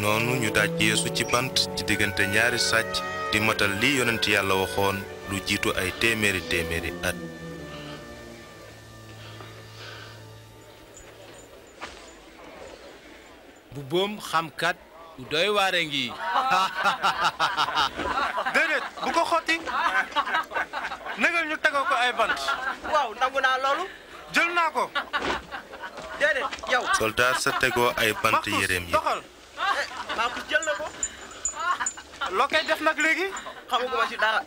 noonu ñu daaj yeesu ci bant ci diggante ñaari sàcc di matal li yonent yàlla waxoon lu jiitu ay téeméeri téeméeri at bu boom xamkat lu doy waare ngi déedéet bu ko xotti nagal ñu tegoo ko ay bant waaw nangu naa loolu jël naa ko déedéet yow soldaar sa tegoo ay bant yéreem yi Papis jël na ko. loo koy def nag léegi. xamaguma ci dara.